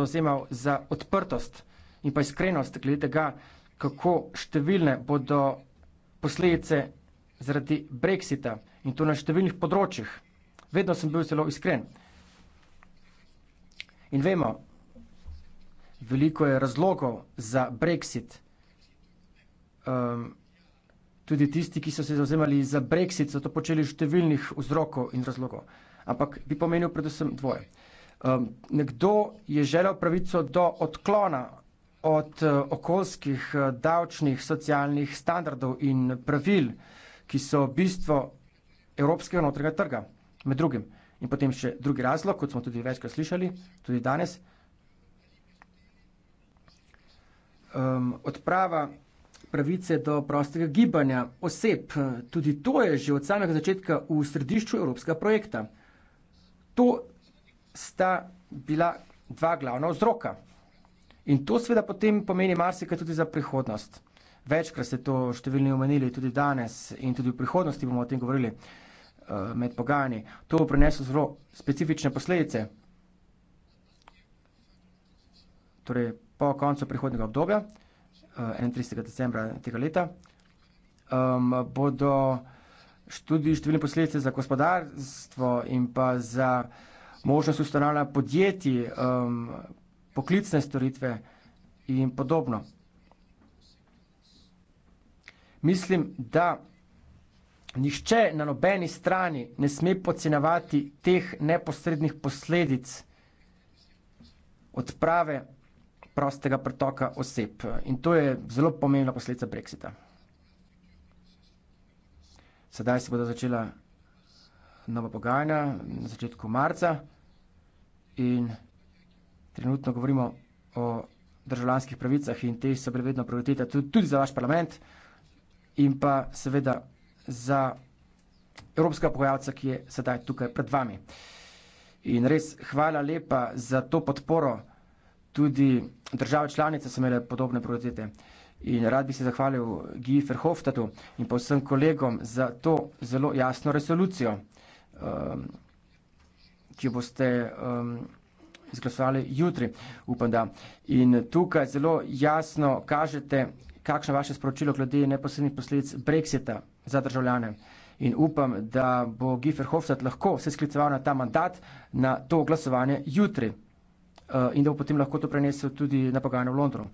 zauzemal za odprtost in pa iskrenost glede tega, kako številne bodo posledice zaradi brexita in to na številnih področjih. Vedno sem bil zelo iskren. In vemo, veliko je razlogov za brexit. Um, tudi tisti, ki so se zauzemali za brexit, so to počeli številnih vzrokov in razlogov. Ampak bi pomenil predvsem dvoje. Um, nekdo je želel pravico do odklona od uh, okoljskih, uh, davčnih, socialnih standardov in pravil, ki so bistvo evropskega notrega trga, med drugim. In potem še drugi razlog, kot smo tudi večkrat slišali, tudi danes. Um, odprava pravice do prostega gibanja oseb, tudi to je že od samega začetka v središču evropskega projekta. To sta bila dva glavna vzroka. In to seveda potem pomeni marsikaj tudi za prihodnost. Večkrat ste to številni omenili tudi danes in tudi v prihodnosti bomo o tem govorili eh, med pogajanji. To bo prineslo zelo specifične posledice. Torej, po koncu prihodnega obdobja, 31. Eh, decembra tega leta, bodo tudi številne posledice za gospodarstvo in pa za vsega, možnost ustanavljanja podjetij, um, poklicne storitve in podobno. Mislim, da nišče na nobeni strani ne sme podcenjevati teh neposrednih posledic odprave prostega pretoka oseb. In to je zelo pomembna posledica Brexita. Sedaj se bodo začela nova pogajanja na začetku marca in trenutno govorimo o državljanskih pravicah in te so bile vedno prioriteta tudi za vaš parlament in pa seveda za evropska pogajalca, ki je sedaj tukaj pred vami. In res hvala lepa za to podporo. Tudi države članice so imele podobne prioritete. In rad bi se zahvalil Guy Verhofstadtu in pa vsem kolegom za to zelo jasno resolucijo. Um, ki boste um, izglasovali jutri, upam da. In tukaj zelo jasno kažete, kakšno vaše sporočilo glede neposrednih posledic Brexita za državljane. In upam, da bo Giffer Hofstad lahko se skliceval na ta mandat, na to glasovanje jutri. Uh, in da bo potem lahko to prenesel tudi na pogajanje v Londonu, uh,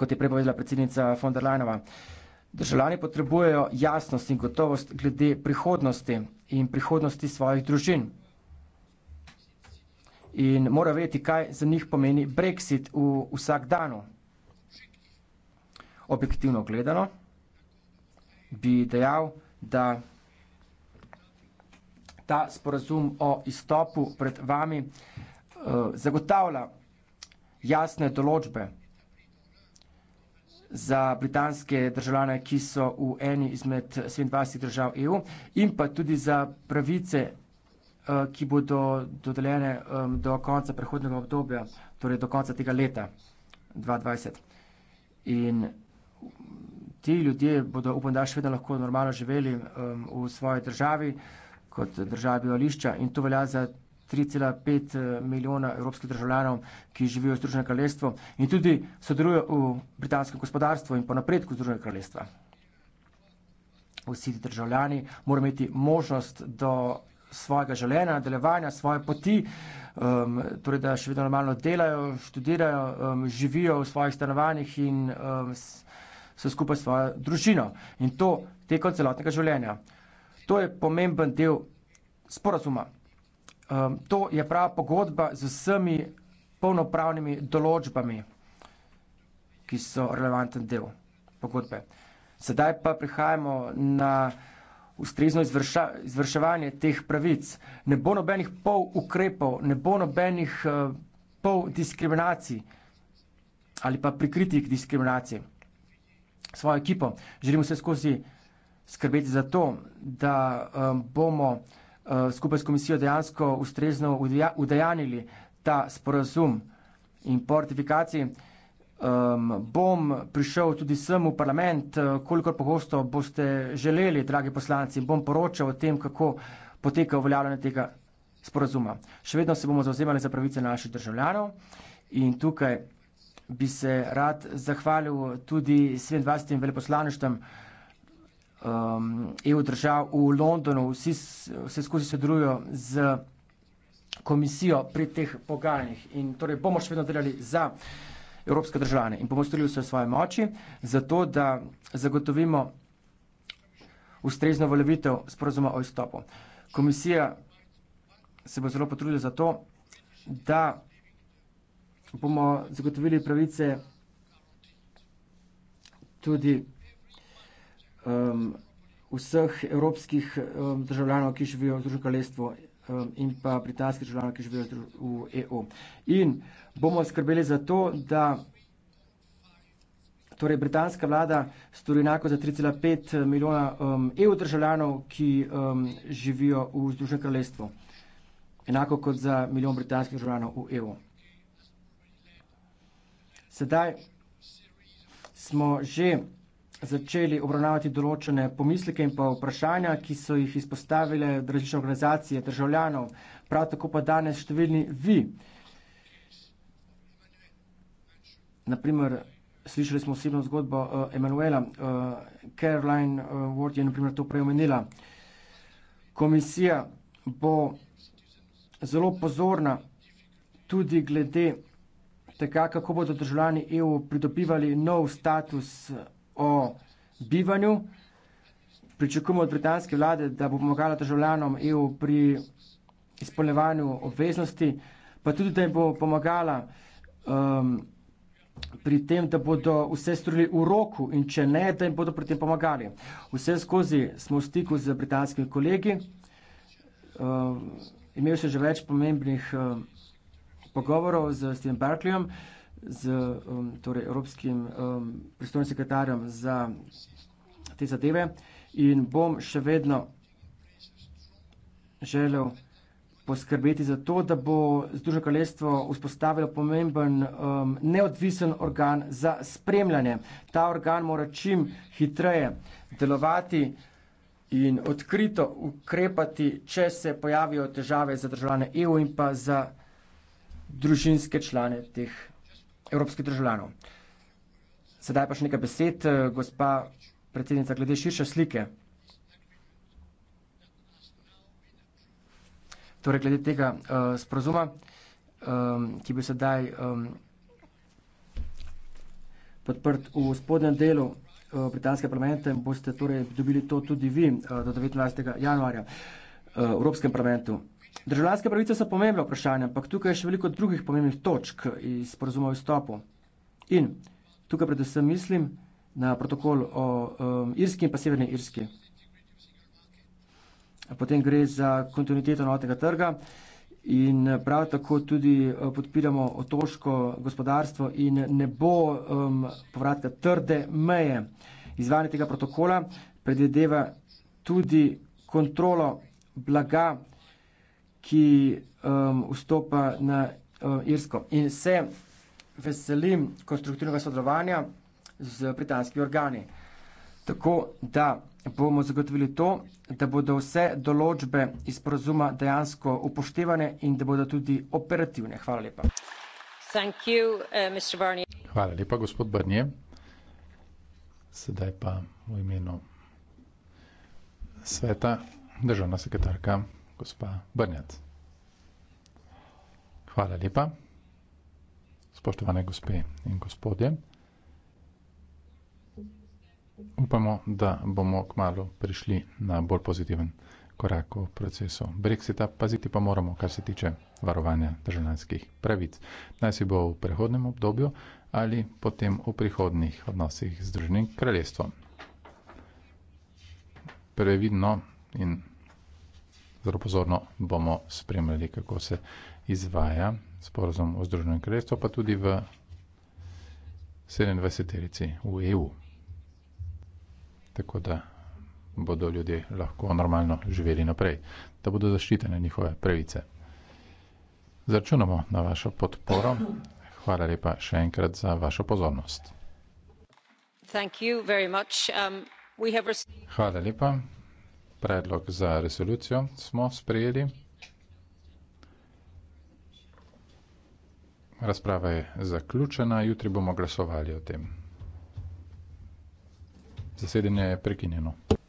kot je prepovedala predsednica von der Leinova. Državljani potrebujejo jasnost in gotovost glede prihodnosti in prihodnosti svojih družin. In mora vedeti, kaj za njih pomeni Brexit v vsakdanu. Objektivno gledano bi dejal, da ta sporazum o izstopu pred vami uh, zagotavlja jasne določbe za britanske državljane, ki so v eni izmed 27 držav EU in pa tudi za pravice, eh, ki bodo dodeljene do konca prehodnega obdobja, torej do konca tega leta 2020. In ti ljudje bodo, upam, da še vedno lahko normalno živeli v svoji državi, kot država bivališča in to velja za 3,5 eh, milijona evropskih državljanov, ki živijo v Združenem kraljestvu in tudi sodelujejo v britanskem gospodarstvu in po napredku Združenega kraljestva. Vsi ti državljani morajo imeti možnost do svojega želena, nadaljevanja svoje poti, um, torej da še vedno normalno delajo, študirajo, um, živijo v svojih stanovanjih in um, so skupaj s svojo družino. In to tekom celotnega življenja. To je pomemben del sporazuma. Um, to je prava pogodba z vsemi polnopravnimi določbami, ki so relevanten del pogodbe. Sedaj pa prihajamo na ustrezno izvrša, izvrševanje teh pravic. Ne bo nobenih pol ukrepov, ne bo nobenih uh, pol diskriminacij ali pa prikritih diskriminacij. Svojo ekipo želimo se skozi skrbeti za to, da um, bomo. Eh, skupaj s komisijo dejansko ustrezno udejanili ta sporazum in po ratifikaciji um, bom prišel tudi sem v parlament, eh, kolikor pogosto boste želeli, dragi poslanci, bom poročal o tem, kako poteka uveljavljanje tega sporazuma. Še vedno se bomo zauzemali za pravice naših državljanov in tukaj bi se rad zahvalil tudi 27. veleposlaništvom um, EU držav v Londonu, vsi, vse skozi sodelujo z komisijo pri teh pogajanjih. In torej bomo še vedno delali za evropske državljane in bomo storili vse svoje moči za to, da zagotovimo ustrezno volevitev sporozuma o izstopu. Komisija se bo zelo potrudila za to, da bomo zagotovili pravice tudi um, vseh evropskih um, državljanov, ki živijo v Združenem kraljestvu um, in pa britanskih državljanov, ki živijo v EU. In bomo skrbeli za to, da torej britanska vlada stori enako za 3,5 eh, milijona um, EU državljanov, ki um, živijo v Združenem kraljestvu. Enako kot za milijon britanskih državljanov v EU. Sedaj smo že začeli obravnavati določene pomisleke in pa vprašanja, ki so jih izpostavile različne organizacije državljanov, prav tako pa danes številni vi. Naprimer, slišali smo osebno zgodbo uh, Emanuela, uh, Caroline uh, Ward je naprimer to preomenila. Komisija bo zelo pozorna tudi glede tega, kako bodo državljani EU pridobivali nov status o bivanju. Pričakujemo od britanske vlade, da bo pomagala državljanom EU pri izpolnevanju obveznosti, pa tudi, da jim bo pomagala um, pri tem, da bodo vse storili v roku in če ne, da jim bodo pri tem pomagali. Vse skozi smo v stiku z britanskimi kolegi. Um, imel sem že več pomembnih um, pogovorov z Stephen Barkleyom. Uh, z um, torej evropskim um, pristojnim sekretarjem za te zadeve in bom še vedno želel poskrbeti za to, da bo Združeno kraljestvo vzpostavilo pomemben um, neodvisen organ za spremljanje. Ta organ mora čim hitreje delovati in odkrito ukrepati, če se pojavijo težave za državljane EU in pa za družinske člane teh evropskih državljanov. Sedaj pa še nekaj besed, eh, gospa predsednica, glede širše slike. Torej, glede tega uh, sporozuma, um, ki bi sedaj um, podprt v spodnjem delu uh, britanske parlamente, boste torej dobili to tudi vi uh, do 19. januarja uh, v Evropskem parlamentu. Državljanske pravice so pomembna vprašanja, ampak tukaj je še veliko drugih pomembnih točk iz porazuma o izstopu. In tukaj predvsem mislim na protokol o um, Irski in pa Severni Irski. Potem gre za kontinuiteto notnega trga in prav tako tudi uh, podpiramo otoško gospodarstvo in ne bo um, povratka trde meje. Izvajanje tega protokola predvideva tudi kontrolo blaga ki um, vstopa na um, Irsko. In se veselim konstruktivnega sodelovanja z britanskimi organi. Tako da bomo zagotovili to, da bodo vse določbe iz porazuma dejansko upoštevane in da bodo tudi operativne. Hvala lepa. You, uh, Hvala lepa, gospod Barnje. Sedaj pa v imenu sveta državna sekretarka gospa Brnjac. Hvala lepa, spoštovane gospe in gospodje. Upamo, da bomo kmalo prišli na bolj pozitiven korak v procesu Brexita. Paziti pa moramo, kar se tiče varovanja državljanskih pravic. Naj si bo v prehodnem obdobju ali potem v prihodnih odnosih z Združenim kraljestvom. Previdno in zelo pozorno bomo spremljali, kako se izvaja sporozum o Združenem kraljestvu, pa tudi v 27-terici v EU. Tako da bodo ljudje lahko normalno živeli naprej, da bodo zaščitene njihove pravice. Zračunamo na vašo podporo. Hvala lepa še enkrat za vašo pozornost. Um, Hvala lepa predlog za resolucijo smo sprejeli. Razprava je zaključena, jutri bomo glasovali o tem. Zasedanje je prekinjeno.